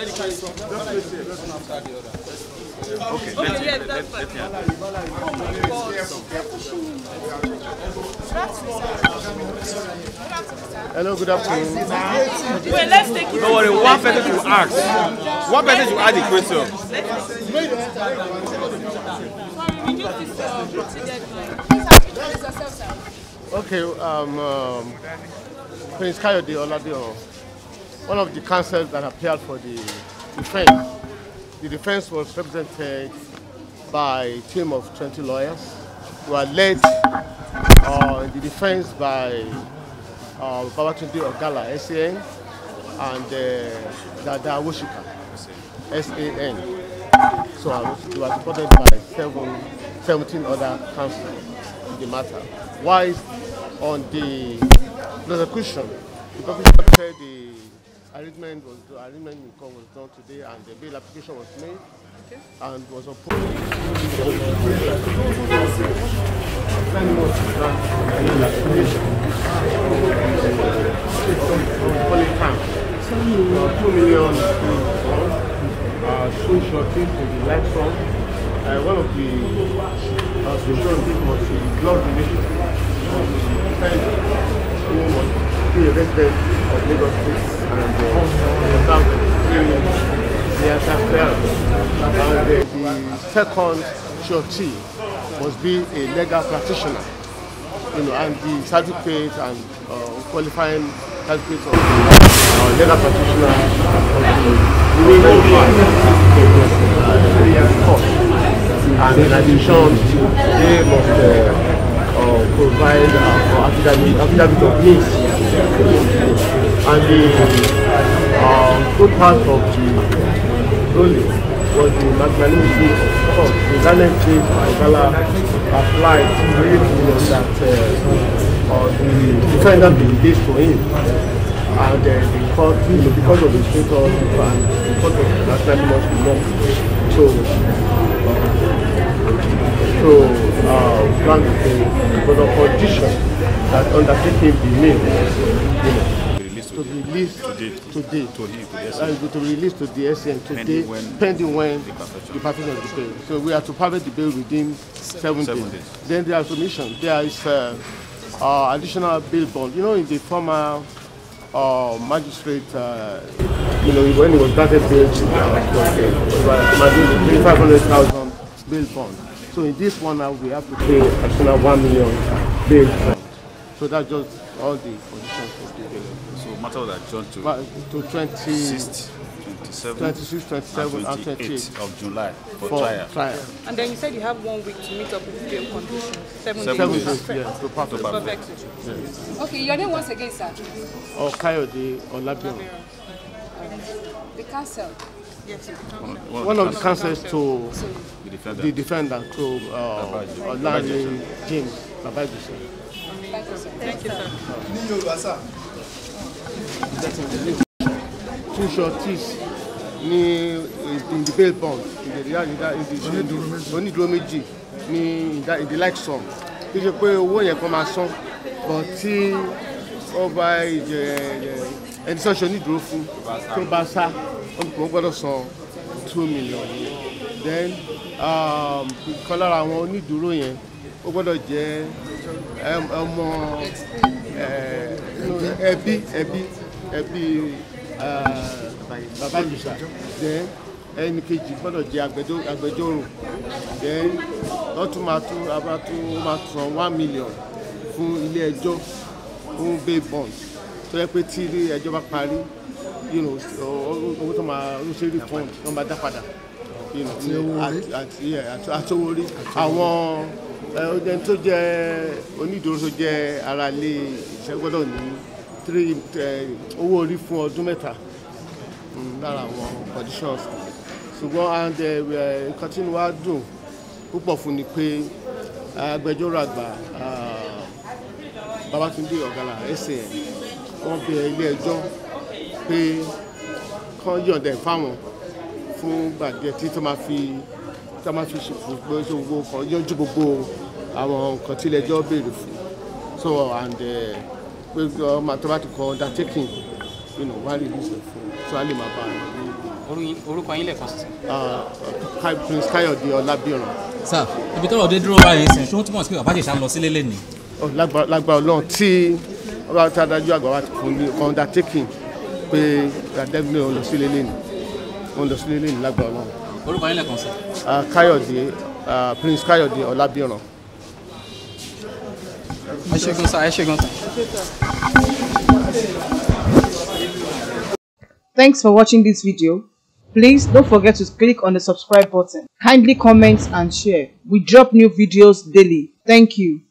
Hello, good afternoon. Wait, let's take it. Don't worry, one person will ask. One person will ask the question. Okay, um, um, Prince Kayode Oladiyo. one of the counsels that appeared for the defense. The defense was represented by a team of 20 lawyers who are led uh, in the defense by uh, Babatunde Ogala, SAN, and uh, Dada Woshika, SAN. So I was, was supported by seven, 17 other counsels in the matter. Why on the prosecution? The prosecution said the arrangement was the arrangement in court was done today and the bail application was made okay. and was approved. Uh, two million uh, shorting to the light Uh, one of the was the blood donation. of the who was the resident of Lagos State. The second surety must be a legal practitioner, you know, and the certificate and uh, qualifying certificate of uh, legal practitioner of the remaining course. And in addition, they must uh, uh, provide uh, affidavit, affidavit of means. And the uh, good part of the ruling was oh, the nationality of the Ghanaian trade Mancala applied to the that uh, or the defendant did to him. And uh, the court, you know, because of the state of and because of the nationality must be long. So, uh, so uh, granted the, for the condition that undertaking be made. You know. released today, today, today to and to release to the SN today, pending when, pending when the, the perfection of the bill. So we are to perfect the bill within seven, seven days. days. Then there are submission. There is uh, uh, additional bill bond. You know, in the former uh, magistrate, uh, you know, when it was granted bill, it was 500,000 bill bond. So in this one now, we have to pay additional 1 million bill bond. So that's just all the conditions for the bill matter that I to. Ma to 20, 26, 27, and 28 of July for, for trial. trial. And then you said you have one week to meet up with bail conditions. Seven, Seven days. days yeah, to perfect. Yes. Okay, your name once again, sir. Oh, Kayode Olabion. Um, the council. Yes, one, one, one of the counsels to the defendant, the defendant to uh, Larry James Babaji. Thank you, sir. Thank you, sir. two shorties ní in the bail bond onídùúró méjì ní in the like sum kí ṣe pé owó yẹn kan máa san but tí ọba ẹni sọ́ọ̀ṣì onídùúró fún tó bá sá wọn gbọ́dọ̀ san two million then um, ìkan lára àwọn onídùúró yẹn ó gbọ́dọ̀ jẹ́ ọmọ ẹbí ẹbí ẹbí bàbá ìjìṣà then ẹnì kejì gbọ́dọ̀ jẹ́ agbẹjọ́rò then wọ́n tún máa tún abá tún máa san one million fún ilé ẹjọ́ fún bail bond tó yẹ pé tí ilé ẹjọ́ bá parí owó tó máa ń ṣe refund tó máa dá padà àti owó orí àwọn ẹni tó jẹ onídùúró tó jẹ ara lé iṣẹ́ gbọ́dọ̀ ní three owó orí fún ọdún mẹ́ta mm, lára àwọn conditions ṣùgbọ́n and nǹkan tí mo wá dùn púpọ̀ fún ni pé agbẹjọ́rò àgbà Babátúndé Ọ̀gálá SAN wọ́n bẹ ilé ẹjọ́ pé kán yọ̀ǹda ẹ̀ fáwọn fún gbàgbé títí tó máa fi tá a máa fi gbogbo gbogbo kan yanjú gbogbo àwọn nǹkan tí ilé ẹjọ́ béèrè fún so and eh, pé ọmọ tó bá ti kọ undertaking wá lè lùsẹ̀ fún so a lè máa bá a orúkọ yín lẹ́ẹ̀kan sísè. Ah, prince káyọ̀dé ọlábìrán. sá ibi tọrọ dé dúró báyìí sìn ṣé wọn túmọ̀ sí pé bàbá jẹ̀sà lọ sílé lẹ́nu. Oh, lágbà ọlọ́run tí ọba tí adájọ́ àgbà wa ti fún mi undertaking pé adébílẹ̀ òun lọ sílé lẹ́nu òun lọ sílé lẹ́nu lágbà ọlọ́run. orúkọ yín sí. Uh, káyọ̀dé uh, prince káyọ̀dé ẹ sa ẹ sa. Thanks for watching this video. Please don't forget to click on the subscribe button. Kindly comment and share. We drop new videos daily. Thank you.